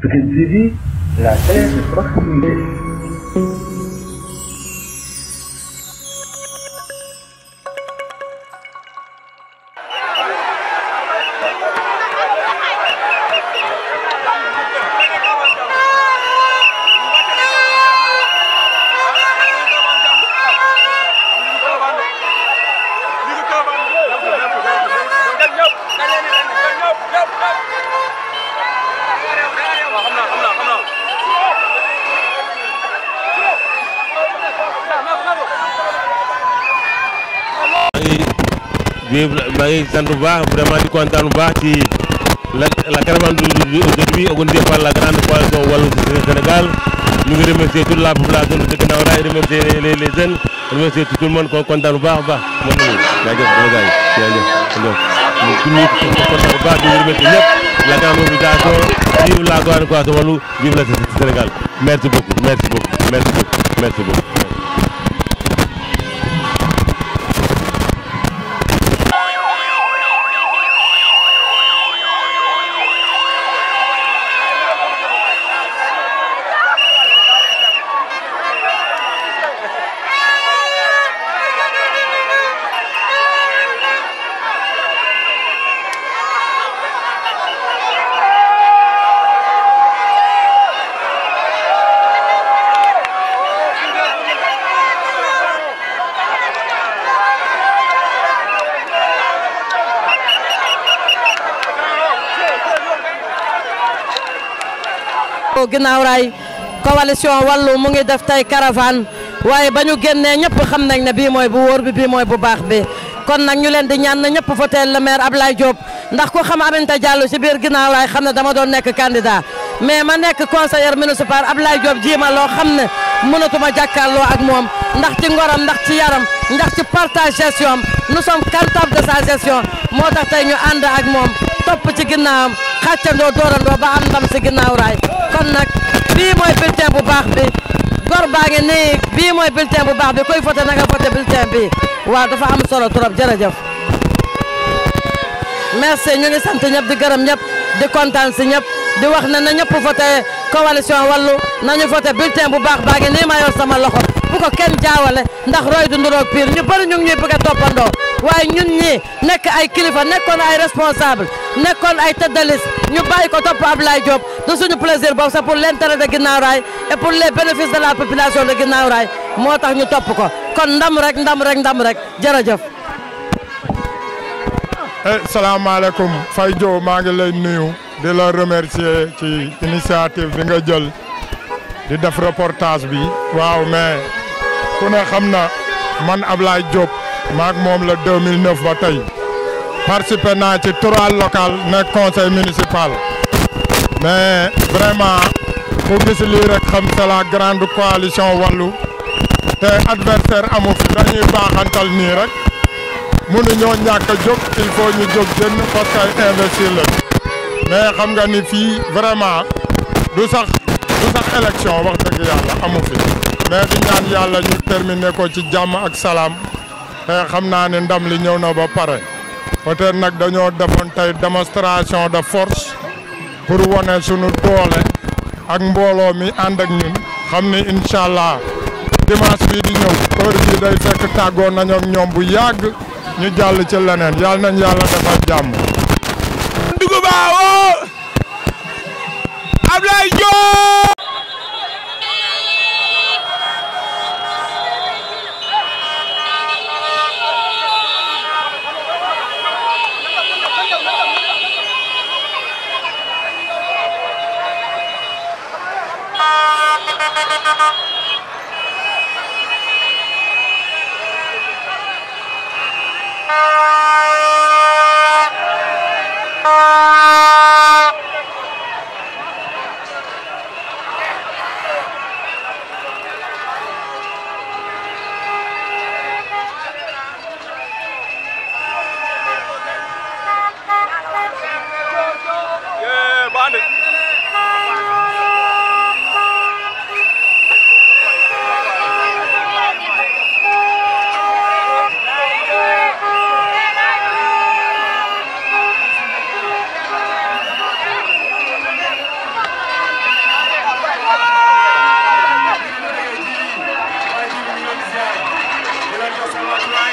Parce que tu dis, la terre est proche proximité. di maa ngi sant vraiment di kontaan bu ci la la caravane d'aujourd'hui organisée par la grande coalition du Sénégal Nous ngi remercier toute la population de Guinaw Rail remercier les les jeunes remercier tout le monde kontaan bu baax a baax. moom la ñu jaajëf sama gars yi jaajëf ñu ngi kontaan bu baax di remercier ñëpp la grande mobilisation vive la grande coalition Wallu vive le Sénégal merci beaucoup merci beaucoup merci beaucoup merci beaucoup. ginnaaw raay coalition wàllu mu ngi def tey caravane waaye ba ñu génnee ñëpp xam nañ ne bii mooy bu wóor bi bii mooy bu baax bi kon nag ñu leen di ñaan na ñëpp voteel le maire Ablaye Diop ndax ku xam Aminata Diallo ci biir ginnaaw xam ne dama doon nekk candidat mais ma nekk conseiller municipal Ablaye Diop jiima loo xam ne mënatuma jàkkaarloo ak moom ndax ci ngoram ndax ci yaram ndax ci partage gestion nous sommes comptables de sa gestion moo tax tey ñu ànd ak moom topp ci ginnaawam xàccandoo doorandoo ba am ndam ci ginnaaw kon nag bii mooy bulletin bu baax bi gor baa ngi nii bii mooy bulletin bu baax bi koy voté na nga voté bulletin bi waa dafa am solo trop jërëjëf merci ñu ngi sant ñëpp di gërëm ñëpp di kontaan si ñëpp di wax na na ñëpp voté coalition wallu nañu voté bulletin bu baax baa ngi nii ma yor sama loxo bu ko kenn jaawale ndax roy du nduroog piir ñu bëri ñu ngi ñuy bëgg a toppandoo waaye ñun ñi nekk ay kilifa nekkoon ay responsable nekkoon ay tëddalis ñu bàyyi ko topp Ablaye Diop du suñu plaisir boobu c'est pour l'intérêt de Guinaw Rail et pour les bénéfices de la population de Guinaw Rail moo tax ñu topp ko kon ndam rek ndam rek ndam rek jërëjëf Eh, Salam alaikum. Diop ma ngi lay nuyu di la remercier ci initiative bi nga jël di def reportage bi waaw mais ku ne xam na man Ablaye Diop maak moom la 2009 ba tey participé naa ci trois local nekk conseil municipal mais vraiment pour gis lii rek xam c'est la grande coalition wàllu te adversaire amu fi dañuy baaxantal nii rek mënuñoo ñàkk a jóg il faut ñu jóg jënd parce que ay investir xam nga ni fii vraiment du sax du élection wax dëgg yàlla amu fi mais di ñaan yàlla ñu terminer ko ci jàmm ak salaam xam naa ne ndam li ñëw na ba pare peut nag dañoo defoon tey démonstration de force pour wane sunu doole ak mbooloo mi ànd ak ñun xam ni incha allah dimanche di ñëw heure bii day fekk tàggoo ñoom bu yàgg. ñu jall ci lenen yal nañ yalla defal jamm Dugu Baawo ablay jo Thank you. Bandit. Much